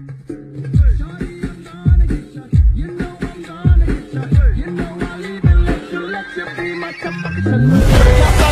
You You You you, you know know know I'm I'm I'll gonna gonna even let let be my Hey.